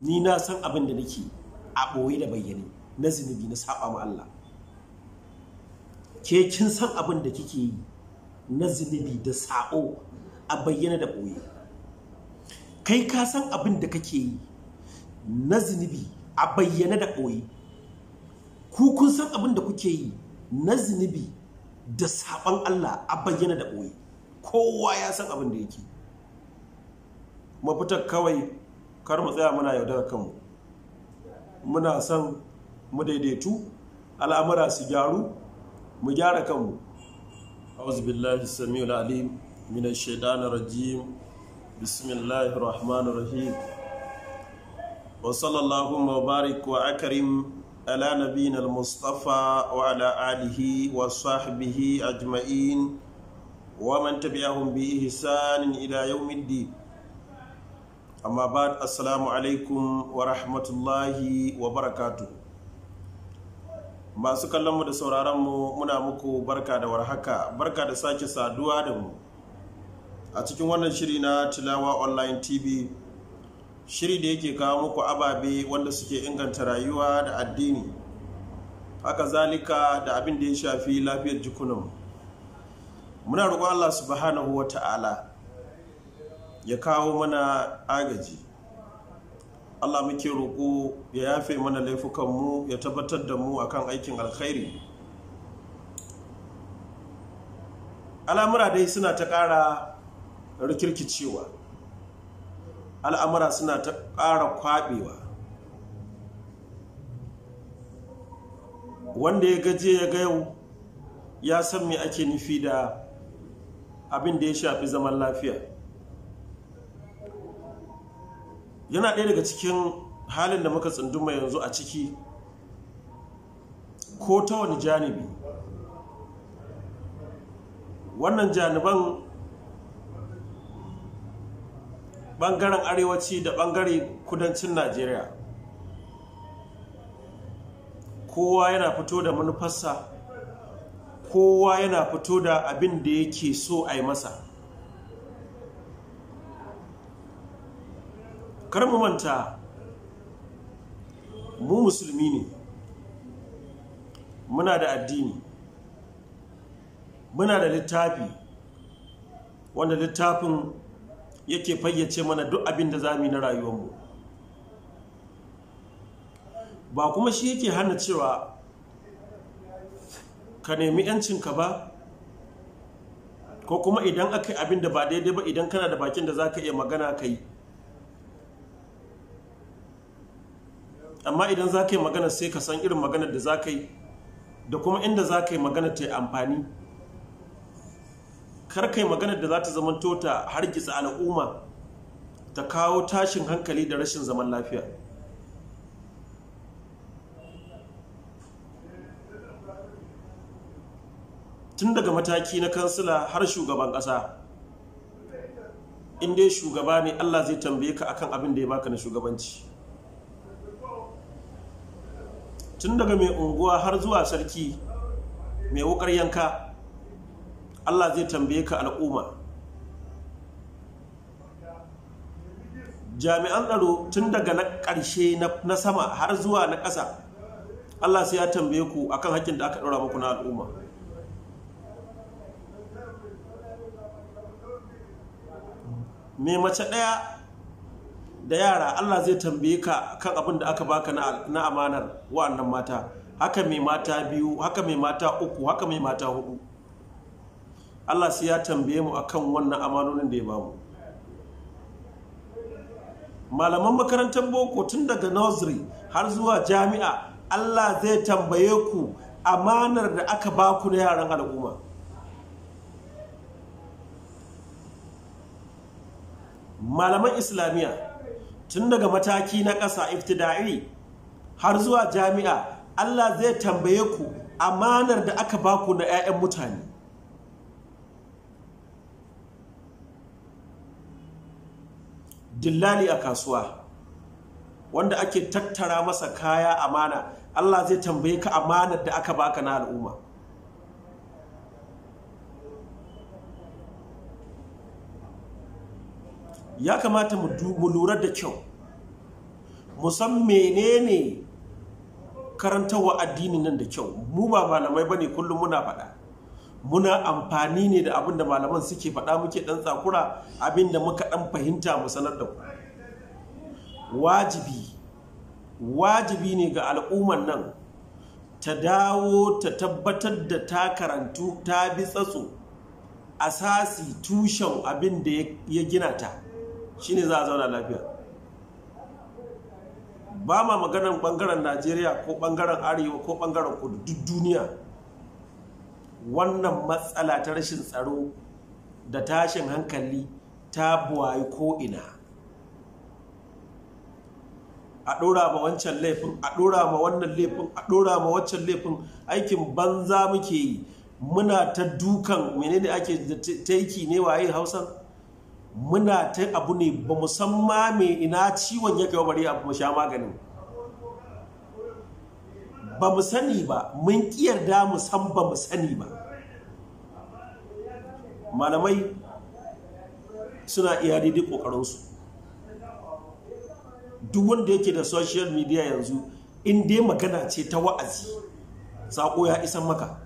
ni na san abin da nake a ɓoye da bayyane na zunubi na saba ma Allah ke kin san abin da kike yi na zunubi da sabo a bayyana da ɓoye kai ka san abin da kake yi na zunubi a bayyane da ɓoye ku kun san abin da kuke yi na zunubi da saban Allah a bayyane da ɓoye kowa ya san abin da yake mafitar kawai kar mu tsaya muna yaudar kanmu muna son mu daidaitu al'amura su gyaru mu gyara kanmu a'udhu billahi samiul alim minash shaitanir rajim bismillahir rahmanir rahim wa sallallahu wa barik wa akrim ala nabiyina al-mustafa wa ala alihi wa sahbihi ajma'in wa man tabi'ahum bi ihsan ila yawmiddin amma ba assalamu alaikum wa rahmatullahi wa barakatu masu kallonmu da sauraronmu muna muku barka da warhaka barka da sake saduwa da mu a cikin wannan shiri na tilawa online tv shiri da yake kawo muku ababe wanda suke inganta rayuwa da addini haka zalika da abin da ya shafi lafiyar jikunanmu muna roƙon allah subhanahu wa ta'ala ya kawo mana agaji Allah muke roƙo ya yafe mana laifukanmu ya tabbatar da mu akan aikin alkhairi al'amura dai suna ta ƙara rikirkicewa al'amura suna ta ƙara kwaɓewa wanda ya gaje ya ga yau ya san me ake nufi da abin da ya shafi zaman lafiya yana ɗaya daga cikin halin da muka tsunduma yanzu a ciki ko ta wani janibi wannan janiban ɓangaren arewaci da ɓangare kudancin najeriya kowa yana fito da manufarsa kowa yana fito da abin da yake so a yi masa kar mu manta mu musulmi ne muna da addini muna da littafi wanda littafin yake fayyace mana duk abin da za mu yi na rayuwarmu ba kuma shi yake hana cewa ka nemi yancinka ba ko kuma idan aka yi abin da ba daidai ba idan kana da bakin da za ka iya magana ka yi amma idan za ka yi magana sai ka san irin maganar da za ka yi da kuma inda za ka yi magana ta yi amfani kar ka yi maganar da za ta zama ta hargitsa al'umma ta kawo tashin hankali da rashin zaman lafiya tun daga mataki na kansila har shugaban kasa in dai shugaba ne allah zai tambaye ka akan abin da ya baka na shugabanci tun daga mai unguwa har zuwa sarki mai wukar yanka Allah zai tambaye ka al'umma jami'an tsaro tun daga na ƙarshe na sama har zuwa na ƙasa Allah sai ya tambaye ku akan hakkin da aka ɗora muku na al'umma mai mace ɗaya da yara Allah zai tambaye ka kan abin da aka baka na amanar wa'annan mata haka mai mata biyu haka mai mata uku haka mai mata hudu Allah sai ya tambaye mu akan wannan amanonin da ya bamu malaman makarantar boko tun daga nursery har zuwa jami'a Allah zai tambaye ku amanar da aka baku na yaran al'umma malaman islamiyya tun daga mataki na ƙasa iftida'i har zuwa jami'a Allah zai tambaye ku amanar da aka baku na 'ya'yan mutane dillali a kasuwa wanda ake tattara masa kaya amana Allah zai tambaye ka amanar da aka baka na al'umma ya kamata mu lura da kyau musan menene karantarwa addini nan da kyau mu ba malamai ba ne kullum muna faɗa muna amfani ne da abin da malaman suke faɗa muke ɗan tsakura abin da muka ɗan fahimta mu sanar da ku wajibi wajibi ne ga al'umman nan ta dawo ta tabbatar da ta karantu ta bi tsatso asasi tushen abin da ya gina ta ne za a zauna lafiya ba ma maganar bangaren najeriya ko bangaren arewa ko bangaren kudu duniya wannan matsala ta rashin tsaro da tashin hankali ta buwayi ko'ina a ɗora ma wancan laifin a ɗora ma wannan laifin a ɗora ma wancan laifin aikin banza muke yi muna ta dukan menene ake da taiki ne waye hausa muna ta abu ne ba musamman mai ina ciwon ya kai bari abu sha maganin ba mu sani ba mun kiyarda mu san ba mu sani ba malamai suna iya daidai kokarinsu duk wanda yake da social media yanzu in dai magana ce ta wa'azi sako ya isan maka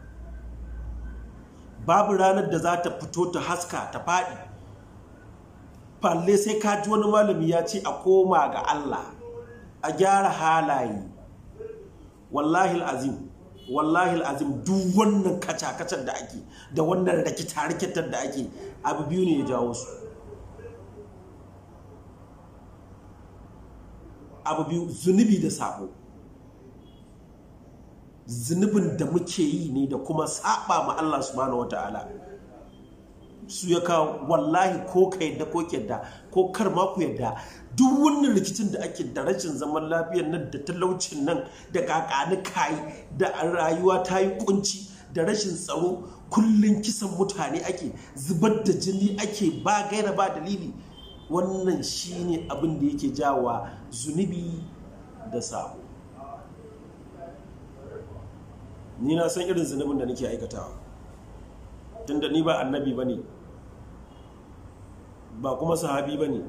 babu ranar da za ta fito ta haska ta faɗi falle sai ka ji wani malami ya ce a koma ga Allah a gyara halaye wallahi azim wallahi azim duk wannan kacakacar da ake da wannan rikita-rikitar da ake abu biyu ne ya jawo su abu biyu zunubi da sabo zunubin da muke yi ne da kuma saba ma Allah subhanahu ala. su ya kawo wallahi ko ka yadda ko yadda ko kar ma ku yadda duk wannan rikicin da ake da rashin zaman lafiyar nan da talaucin nan da kakani kai da rayuwa ta yi kunci da rashin tsaro kullun kisan mutane ake zubar da jini ake ba gaira ba dalili wannan shi abin da yake jawa zunubi da sabo ni na san irin zunubin da nake aikatawa tunda ni ba annabi ba ne. ba kuma sahabi ba ne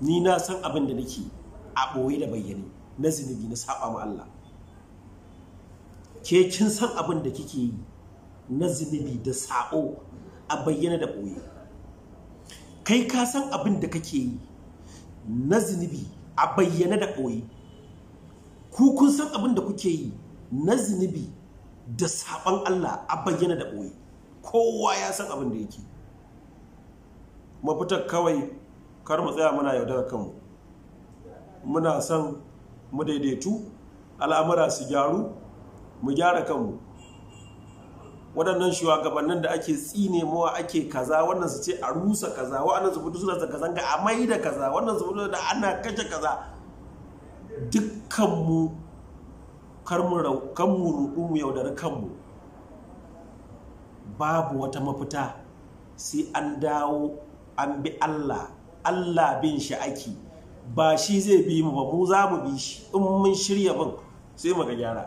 ni na san abin da nake a ɓoye da bayyane na zunubi na saba ma Allah ke kin san abin da kike yi na zunubi da sabo a bayyane da ɓoye kai ka san abin da kake yi na zunubi a bayyane da ɓoye ku kun san abin da kuke yi na zunubi da saɓon Allah a bayyane da ɓoye kowa ya san abin da yake mafita kawai kar mu tsaya muna yaudar kanmu muna son mu daidaitu al'amura su gyaru mu gyara kanmu waɗannan shugabannin da ake tsine mawa ake kaza wannan su ce a rusa kaza wannan su fito suna kaza zanga a mai da kaza wannan su fito da ana kashe kaza dukkanmu kanmu rudu mu yaudari kanmu babu wata mafita sai an dawo an bi Allah Allah bin shi aki ba shi zai bi mu ba mu za mu bi shi in mun shirya bin sai mu ga gyara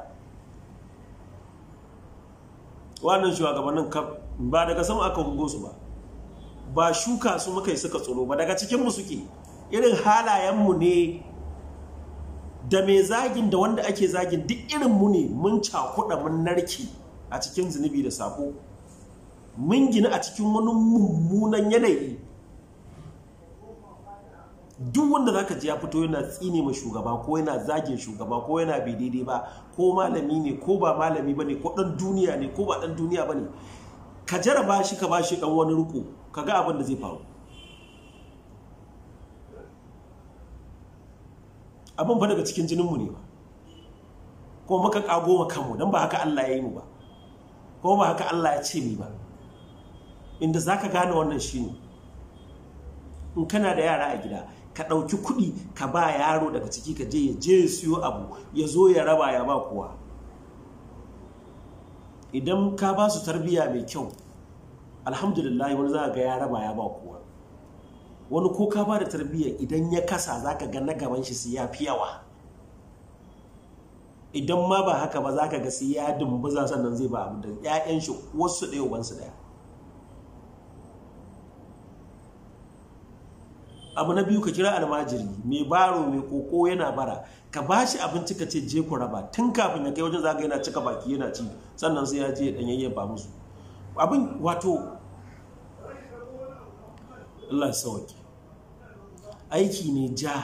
wannan shugabannin ba daga sama aka hungo su ba ba shuka su muka yi suka tsoro ba daga cikin mu suke irin halayenmu ne da mai zagin da wanda ake zagin duk irin mu ne mun cakuɗa mun narki a cikin zunubi da sako mun gina a cikin wani mummunan yanayi duk wanda zaka ji ya fito yana tsine ma shugaba ko yana zagin shugaba ko yana bai daidai ba ko malami ne ko ba malami bane ko dan duniya ne ko ba dan duniya bane ka jaraba shi ka ba shi dan wani riko ka ga abin da zai faru abin fa daga cikin jininmu ne ba ko muka kago ma kanmu dan ba haka Allah ya yi mu ba ko ba haka Allah ya ce mu ba inda zaka gane wannan shine in kana da yara a gida ka ɗauki kuɗi ka ba yaro daga ciki ka je ya je ya siyo abu ya zo ya raba ya ba kuwa. idan ka ba su tarbiyya mai kyau alhamdulillah wani za ga ya raba ya ba kuwa. wani ko ka ba da tarbiyya idan ya kasa za ka ga na gaban shi su ya fi yawa idan ma ba haka ba za ka ga su ya dumbuza sannan zai ba abu da 'ya'yan shi wasu ɗaya wansu ɗaya abu na biyu ka kira almajiri mai baro mai koko yana bara ka ba shi abinci ka ce je ku raba tun kafin ya kai wajen zaga yana cika baki yana ci sannan sai ya je ya dan musu abin wato Allah sauke aiki ne ja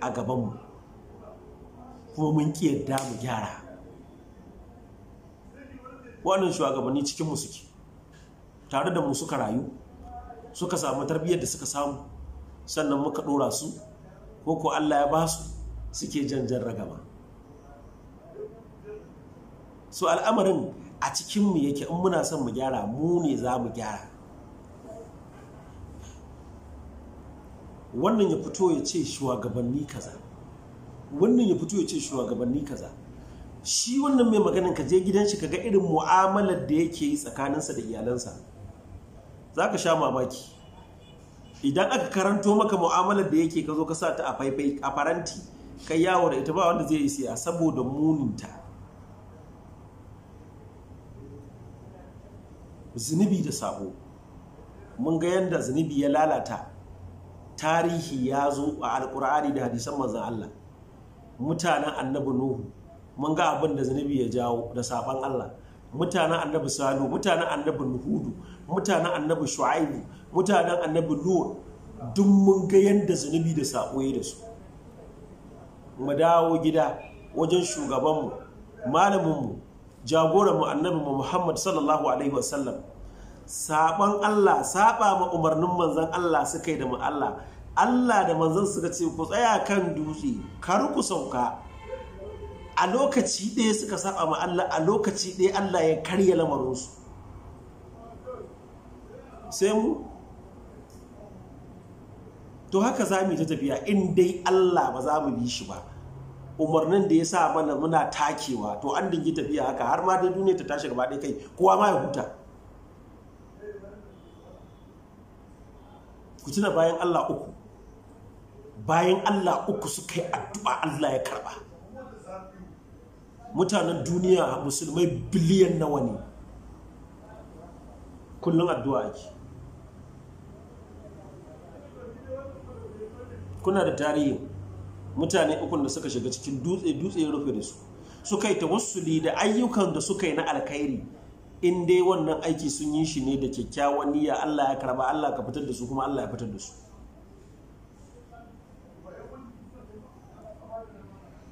a gabanmu kuma mun ki yadda mu gyara wannan shugabanni cikin mu suke tare da mu suka rayu suka samu tarbiyyar da suka samu sannan muka ɗora su ko ko Allah ya ba su suke janjan ragama so al'amarin a cikinmu yake in muna son mu gyara mu ne za mu gyara wannan ya fito ya ce shugabanni kaza wannan ya fito ya ce shugabanni kaza shi wannan mai maganin ka je gidan ka ga irin mu'amalar da yake yi tsakaninsa da iyalansa za ka sha mamaki idan aka karanto maka mu'amalar da yake ka zo ka sa ta a faifai a faranti kai yawo da ita ba wanda zai yi siya saboda muninta zunubi da sabo mun ga yadda zunubi ya lalata tarihi ya zo a alkur'ani da hadisan manzan Allah mutanen annabi nuhu mun ga abin da zunubi ya jawo da sabon Allah mutanen annabi salu mutanen annabi nuhudu mutanen annabi shu'aibu mutanen annabi lut duk mun ga yadda zunubi da sako da su mu dawo gida wajen shugabanmu malaminmu jagoranmu annabinmu muhammad sallallahu alaihi wasallam saban allah saba ma umarnin manzan allah suka yi da mu allah allah da manzan suka ce ku tsaya kan dutse kar ku sauka a lokaci ɗaya suka saba ma allah a lokaci ɗaya allah ya karya lamarinsu sai mu to haka za mu ta tafiya in dai Allah ba za mu bi shi ba umarnin da ya sa mana muna takewa to an dingi tafiya haka har ma dai duniya ta tashi gaba ɗaya kai kowa ma ya huta ku tuna bayan Allah uku bayan Allah uku suka yi addu'a Allah ya karba mutanen duniya musulmai biliyan nawa ne kullum addu'a ake kuna da tarihin mutane ukun da suka shiga cikin dutse dutse ya rufe da su suka yi tawassuli da ayyukan da suka yi na alkhairi in dai wannan aiki sun yi shi ne da kyakkyawan niyya Allah ya karba Allah ka fitar da su kuma Allah ya fitar da su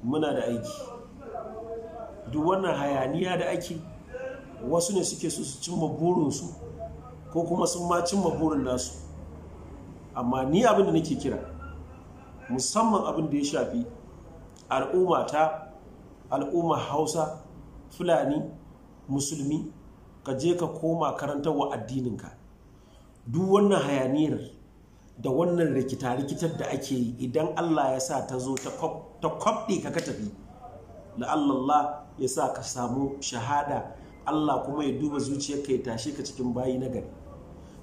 muna da aiki duk wannan hayaniya da ake wasu ne suke so su cimma burinsu ko kuma sun ma cimma burin nasu amma ni abin da nake kira musamman abin da ya shafi al'umma ta al'umma hausa fulani musulmi ka je ka koma karantar wa addininka duk wannan hayaniyar da wannan rikita-rikitar da ake yi idan allah ya sa ta zo ta kwabde ka tafi la'allallah ya sa ka samu shahada allah kuma ya duba zuciyarka ya tashe ka cikin bayi na gari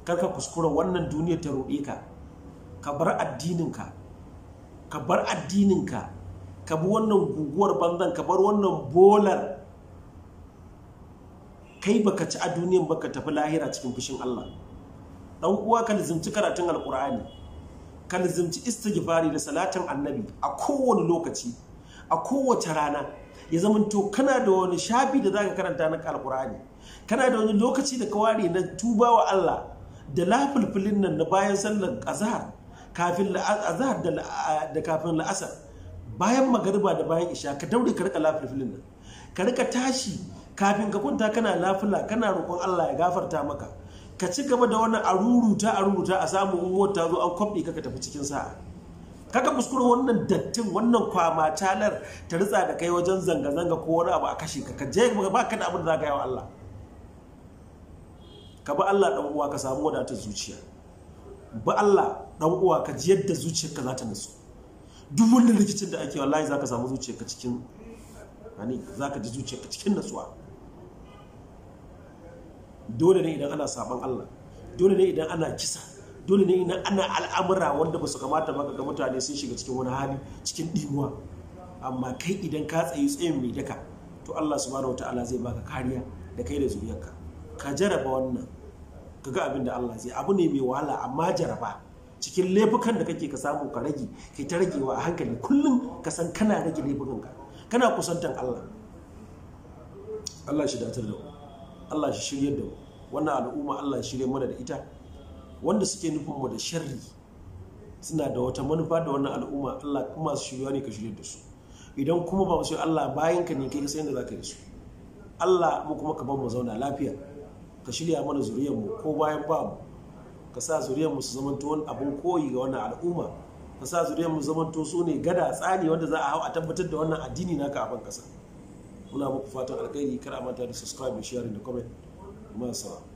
karka kuskura wannan duniyar ta roɗe ka ka bar addininka ka bar addininka ka bi wannan guguwar banzan ka bar wannan bolar kai baka ci a duniyan baka tafi lahira cikin fushin Allah dan uwa ka lizimci karatun alkur'ani ka lizimci istighfari da salatin annabi a kowane lokaci a kowace rana ya zamanto kana da wani shafi da zaka karanta na alkur'ani kana da wani lokaci da ka ware na tubawa Allah da lafulfulin nan na bayan sallar azhar kafin azhar da kafin la'asar bayan magarba da bayan isha ka daure ka rika lafilfilin nan ka rika tashi kafin ka kwanta kana lafila kana roƙon Allah ya gafarta maka ka ci gaba da wannan a aruruta a samu uwar ta zo an kwabɗe ka tafi cikin sa'a kaka kuskure wannan dattin wannan kwama talar ta ritsa da kai wajen zanga-zanga ko wani abu a kashe ka ka je ba ka da abin da za ka yi wa Allah ka bi Allah dan uwa ka samu wadatar zuciya ba Allah dan uwa ka ji yadda zuciyarka za ta nutsu duk wannan rikicin da ake wallahi za ka samu zuciyarka cikin hani za ka ji zuciyarka cikin nutsuwa dole ne idan ana sabon Allah dole ne idan ana kisa dole ne idan ana al'amura wanda ba su kamata ba ga mutane sun shiga cikin wani hali cikin dimuwa amma kai idan ka tsayi tsayin mai daka to Allah subhanahu wataala zai baka kariya da kai da zuriyarka ka jaraba wannan ka ga abin da Allah zai abu ne mai wahala amma jaraba cikin laifukan da kake ka samu ka rage kai ta ragewa a hankali kullum ka san kana rage laifukan ka kana kusantan Allah Allah shi datar da mu Allah shi shiryar da wannan al'umma Allah shirye mana da ita wanda suke nufin mu da sharri suna da wata manufa da wannan al'umma Allah kuma su shirya ne ka shirya da su idan kuma ba su Allah bayan ka ne kai sai da zaka yi su Allah mu kuma ka bar mu zauna lafiya ka shirya mana zuriyarmu ko bayan bamu ka sa mu su zamanto wani abin koyi ga wannan al'umma ka sa zuriyarmu zamanto su ne gada tsani wanda za a hau a tabbatar da wannan addini naka a ban kasa muna muku fatan alkairi kar a manta da subscribe da sharing da comment ma